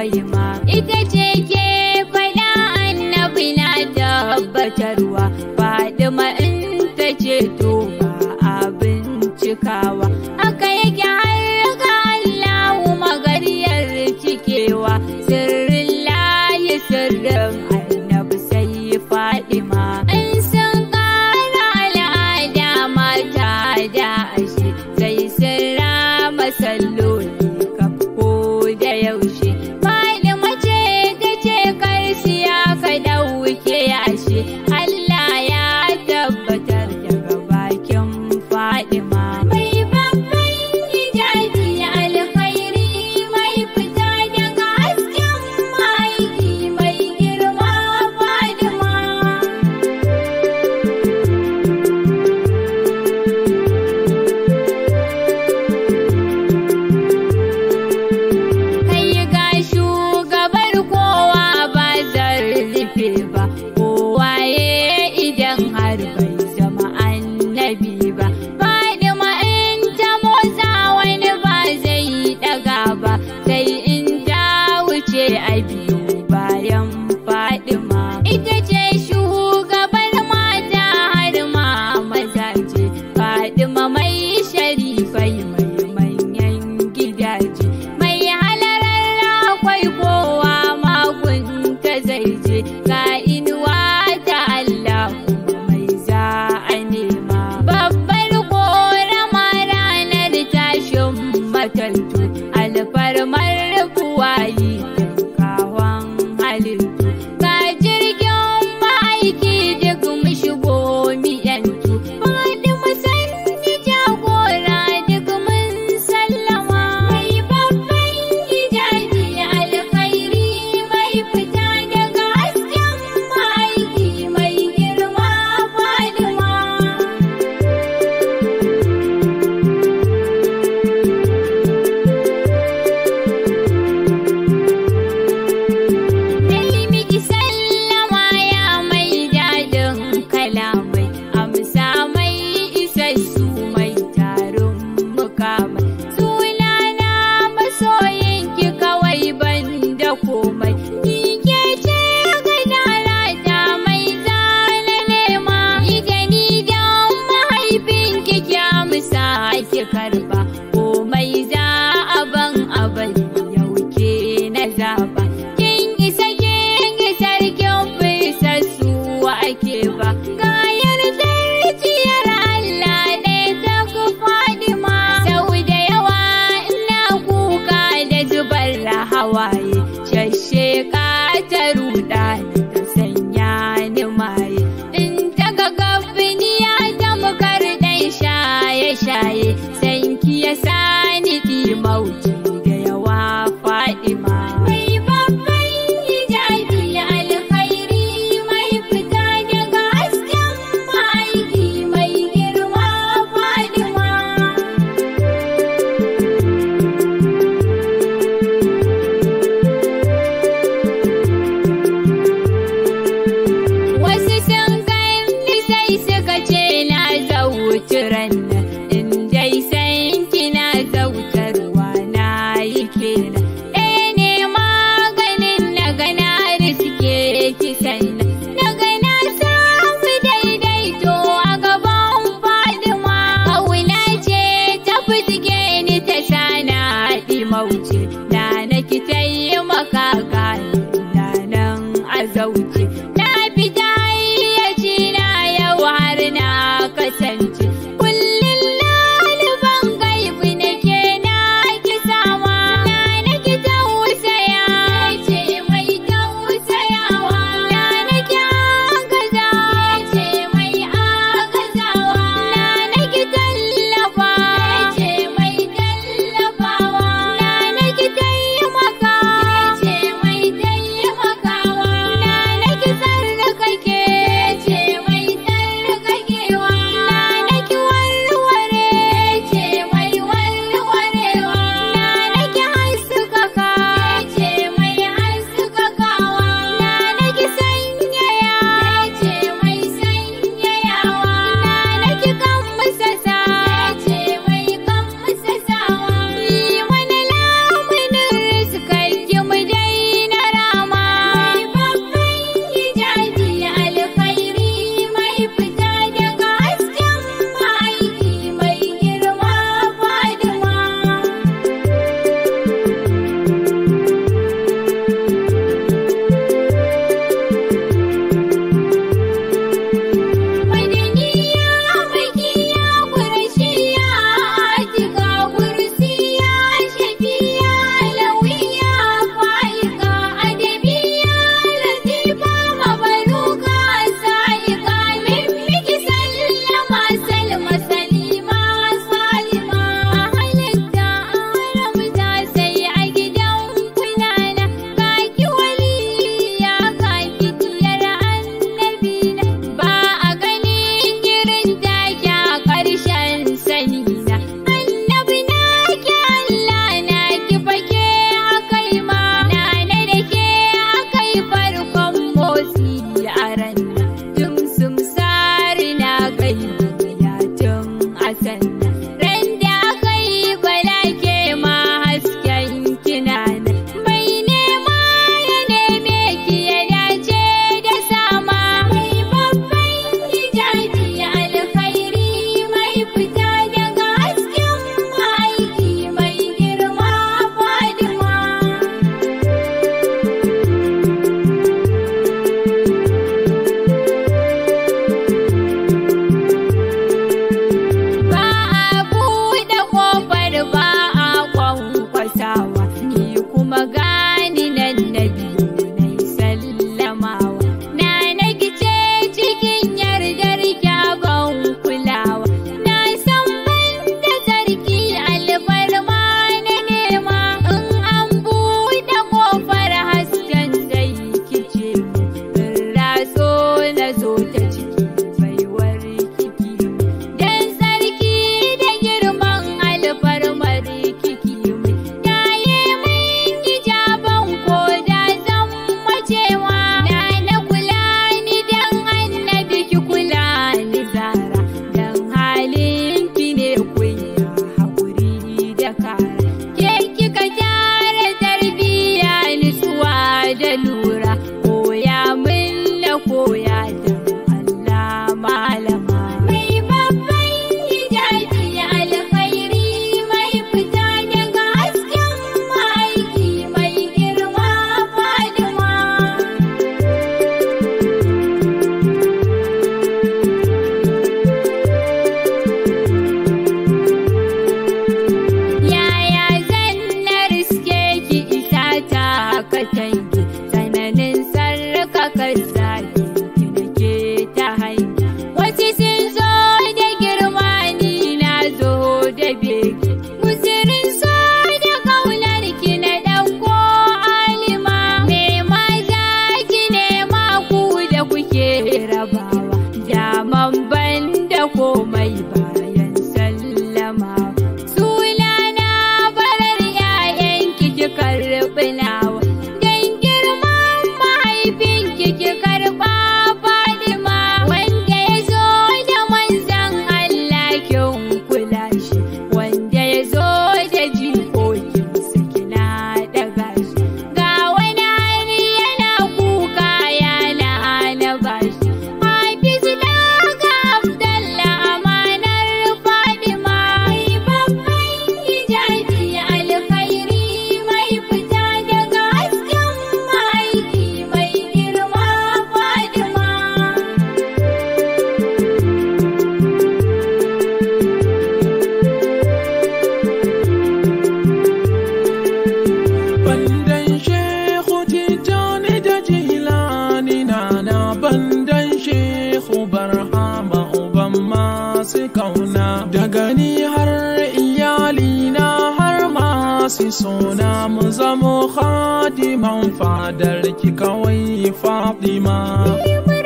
kwaima. Ita ce ke faɗa annabi na tabbatarwa, Fadima in ta ce to ba abin cikawa. Aka yake harka Allahu magariyar cikewa, sirrin layi sirrin annabi sai Fadima. it. Waye shashe ta ruɗa ta sanya ni maye in ta ga gabini ya ta mukar dan shaye shaye sanki ya sani ki mauki suturan nan in dai san kina zautarwa na yi kira eh ne maganin na gana da suke kisan nan na gana samu daidaito a gaban fadima kauna ce ta fitike ni ta sana haɗi mauce na na ki taimaka kayan nan a zauce sona mu zamo khadiman fadar ki kawai fatima.